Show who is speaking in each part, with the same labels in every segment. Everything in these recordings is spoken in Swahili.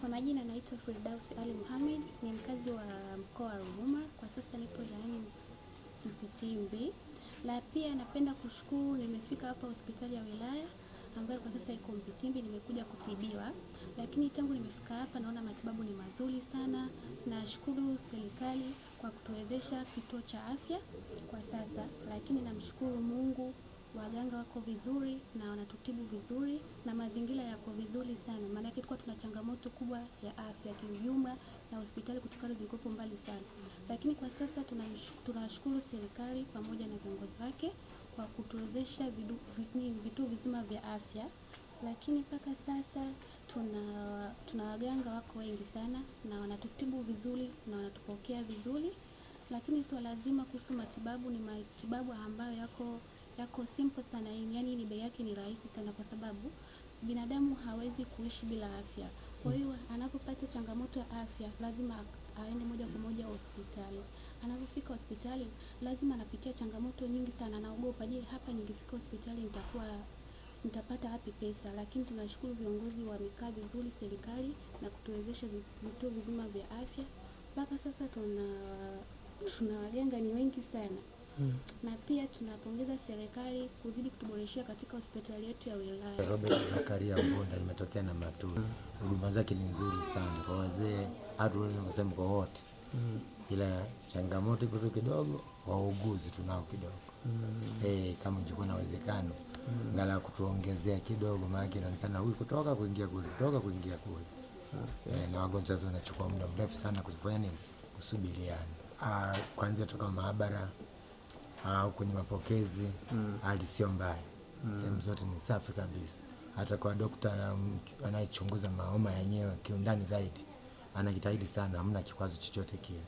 Speaker 1: Kwa majina naitwa Firdaus Ali Muhammad, ni mkazi wa mkoa wa Ruvuma. Kwa sasa nipo wilayani Mpitimbi, na pia napenda kushukuru, nimefika hapa hospitali ya wilaya ambayo kwa sasa iko Mpitimbi. Nimekuja kutibiwa, lakini tangu nimefika hapa naona matibabu ni mazuri sana. Nashukuru serikali kwa kutuwezesha kituo cha afya kwa sasa, lakini namshukuru Mungu waganga wako vizuri na wanatutibu vizuri na mazingira yako vizuri sana, maanake tulikuwa tuna changamoto kubwa ya afya kiujumla na hospitali kutokana zilikopo mbali sana, lakini kwa sasa tunawashukuru serikali pamoja na viongozi wake kwa kutuwezesha vituo vizima vya afya, lakini mpaka sasa tuna tuna waganga wako wengi sana na wanatutibu vizuri na wanatupokea vizuri, lakini swala zima kuhusu matibabu ni matibabu ambayo yako iko simple sana yani, yani ni bei yake ni rahisi sana, kwa sababu binadamu hawezi kuishi bila afya. Kwa hiyo anapopata changamoto ya afya lazima aende moja kwa moja hospitali. Anapofika hospitali lazima anapitia changamoto nyingi sana, anaogopa, je, hapa ningefika hospitali nitakuwa nitapata wapi pesa? Lakini tunashukuru viongozi wamekaa vizuri, serikali na kutuwezesha vituo vizima vya afya. Mpaka sasa tuna tunawalenga ni wengi sana mm. na pia tunapongeza serikali kuzidi kutuboreshia katika hospitali yetu ya wilaya.
Speaker 2: Robert Zakaria Mboda, nimetokea na matu Huduma zake ni nzuri sana kwa wazee, hatunakusema kwa wote mm. ila changamoto ipo tu kidogo, wauguzi tunao kidogo mm. Hey, eh, kama ingekuwa na uwezekano mm. ngala kutuongezea kidogo, maana inaonekana huyu kutoka kuingia kule, kutoka kuingia kule okay. Mm. Hey, eh, na wagonjwa wanachukua muda mrefu sana kufanya nini, kusubiriana ah, kwanza toka maabara au kwenye mapokezi mm. hali sio mbaya mm. sehemu zote ni safi kabisa. Hata kwa dokta um, anayechunguza maoma yenyewe kiundani zaidi anajitahidi sana, hamna kikwazo chochote kile.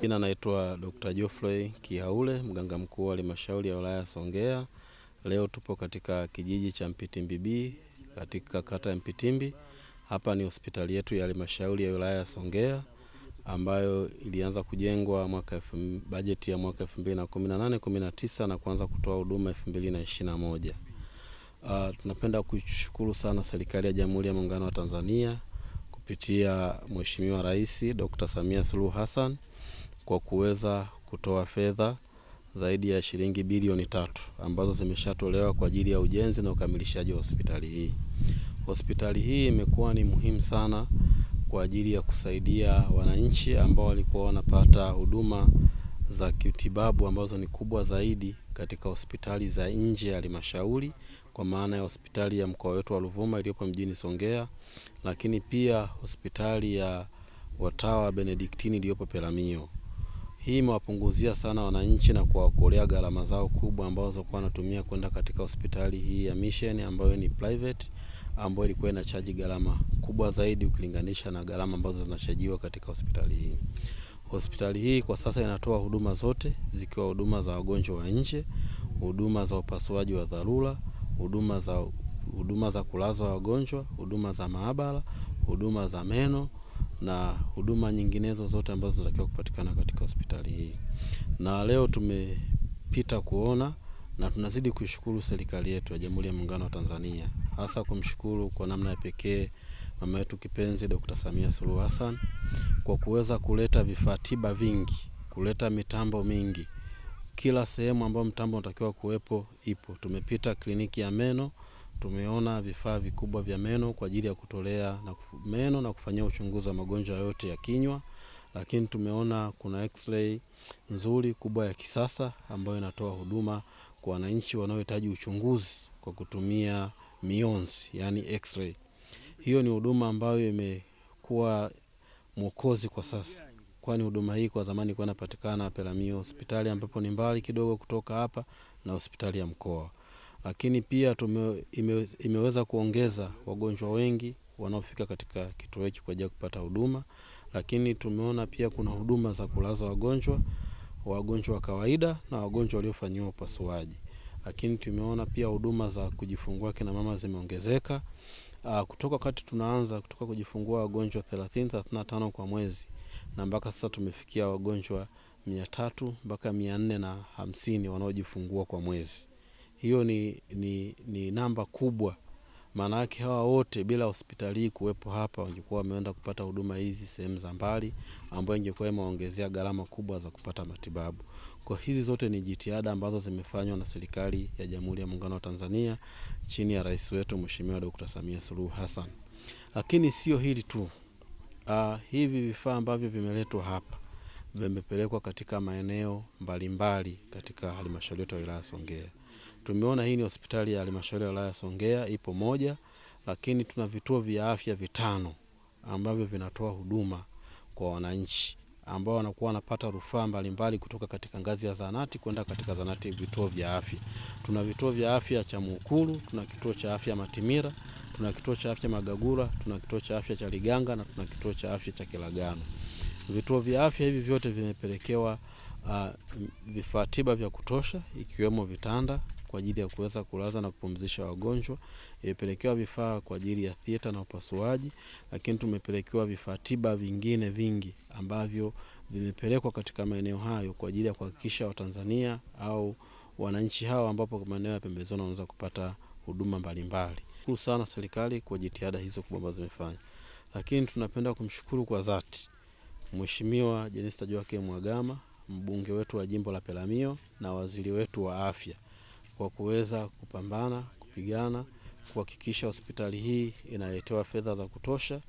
Speaker 3: Jina naitwa Dr. Geoffrey Kihaule, mganga mkuu wa halimashauri ya wilaya Songea. Leo tupo katika kijiji cha Mpitimbi B katika kata ya Mpitimbi. Hapa ni hospitali yetu ya halmashauri ya wilaya ya Songea ambayo ilianza kujengwa mwaka bajeti ya mwaka 2018 19 na kuanza kutoa huduma 2021. Uh, ah, tunapenda kushukuru sana serikali ya Jamhuri ya Muungano wa Tanzania kupitia Mheshimiwa Rais Dr. Samia Suluhu Hassan kwa kuweza kutoa fedha zaidi ya shilingi bilioni tatu ambazo zimeshatolewa kwa ajili ya ujenzi na ukamilishaji wa hospitali hii. Hospitali hii imekuwa ni muhimu sana kwa ajili ya kusaidia wananchi ambao walikuwa wanapata huduma za kitibabu ambazo ni kubwa zaidi katika hospitali za nje ya halmashauri kwa maana ya hospitali ya mkoa wetu wa Ruvuma iliyopo mjini Songea, lakini pia hospitali ya watawa wa Benediktini iliyopo Peramiho. Hii imewapunguzia sana wananchi na kuwaokolea gharama zao kubwa ambazo kwa wanatumia kwenda katika hospitali hii ya Mission ambayo ni private ambayo ilikuwa inachaji gharama kubwa zaidi ukilinganisha na gharama ambazo zinachajiwa katika hospitali hii. Hospitali hii kwa sasa inatoa huduma zote zikiwa huduma za wagonjwa wa nje, huduma za upasuaji wa dharura, huduma za huduma za kulazwa wagonjwa, huduma za maabara, huduma za meno na huduma nyinginezo zote ambazo zinatakiwa kupatikana katika hospitali hii. Na leo tumepita kuona na tunazidi kuishukuru serikali yetu ya Jamhuri ya Muungano wa Tanzania, hasa kumshukuru kwa namna ya pekee mama yetu kipenzi Dr. Samia Suluhu Hassan kwa kuweza kuleta vifaa tiba vingi, kuleta mitambo mingi. Kila sehemu ambayo mtambo unatakiwa kuwepo ipo. Tumepita kliniki ya meno, tumeona vifaa vikubwa vya meno kwa ajili ya kutolea na meno na kufanyia uchunguzi wa magonjwa yote ya kinywa lakini tumeona kuna x-ray nzuri kubwa ya kisasa ambayo inatoa huduma kwa wananchi wanaohitaji uchunguzi kwa kutumia mionzi, yani x-ray. Hiyo ni huduma ambayo imekuwa mwokozi kwa sasa, kwani huduma hii kwa zamani ilikuwa inapatikana Peramiho hospitali ambapo ni mbali kidogo kutoka hapa na hospitali ya mkoa, lakini pia tume, ime, imeweza kuongeza wagonjwa wengi wanaofika katika kituo hiki kwa ajili ya kupata huduma lakini tumeona pia kuna huduma za kulaza wagonjwa, wagonjwa wa kawaida na wagonjwa waliofanyiwa upasuaji. Lakini tumeona pia huduma za kujifungua kina mama zimeongezeka. Uh, kutoka wakati tunaanza kutoka kujifungua wagonjwa 30 35 kwa mwezi na mpaka sasa tumefikia wagonjwa 300 mpaka 450 wanaojifungua kwa mwezi. Hiyo ni, ni, ni namba kubwa yake hawa wote bila hospitali kuwepo hapa wangekuwa wameenda kupata huduma hizi sehemu za mbali, ambayo ingekuwa imeongezea gharama kubwa za kupata matibabu. Kwa hizi zote ni jitihada ambazo zimefanywa na serikali ya Jamhuri ya Muungano wa Tanzania chini ya rais wetu Mheshimiwa Dr. Samia Suluhu Hassan. Lakini sio hili tu. Uh, hivi vifaa ambavyo vimeletwa hapa vimepelekwa katika maeneo mbalimbali katika halmashauri yetu ya wilaya Songea. Tumeona hii ni hospitali ya halmashauri ya wilaya Songea, ipo moja, lakini tuna vituo vya afya vitano ambavyo vinatoa huduma kwa wananchi ambao wanakuwa wanapata rufaa mbalimbali kutoka katika ngazi ya zahanati kwenda katika zahanati vituo vya afya. Tuna vituo vya afya cha Mukuru, tuna kituo cha afya Matimira, tuna kituo cha afya Magagura, tuna kituo cha afya cha Liganga na tuna kituo cha afya cha Kilagano. Vituo vya afya hivi vyote vimepelekewa uh, vifaa tiba vya kutosha ikiwemo vitanda kwa ajili ya kuweza kulaza na kupumzisha wagonjwa. Imepelekewa vifaa kwa ajili ya theater na upasuaji, lakini tumepelekewa vifaa tiba vingine vingi ambavyo vimepelekwa katika maeneo hayo kwa ajili ya kuhakikisha Watanzania au wananchi hawa ambapo maeneo ya pembezoni wanaweza kupata huduma mbalimbali. Shukuru sana serikali kwa jitihada hizo kubwa ambazo zimefanya, lakini tunapenda kumshukuru kwa dhati Mheshimiwa Jenista Joakim Mhagama, mbunge wetu wa jimbo la Peramiho na waziri wetu wa afya kwa kuweza kupambana, kupigana, kuhakikisha hospitali hii inaletewa fedha za kutosha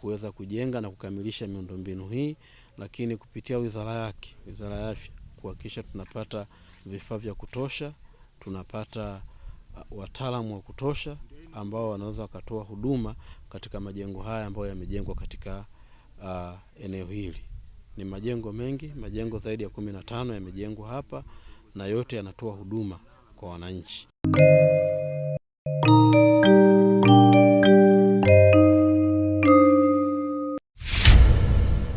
Speaker 3: kuweza kujenga na kukamilisha miundombinu hii, lakini kupitia wizara yake, wizara ya afya, kuhakikisha tunapata vifaa vya kutosha, tunapata uh, wataalamu wa kutosha ambao wanaweza wakatoa huduma katika majengo haya ambayo yamejengwa katika uh, eneo hili. Ni majengo mengi, majengo zaidi ya kumi na tano yamejengwa hapa na yote yanatoa huduma kwa wananchi.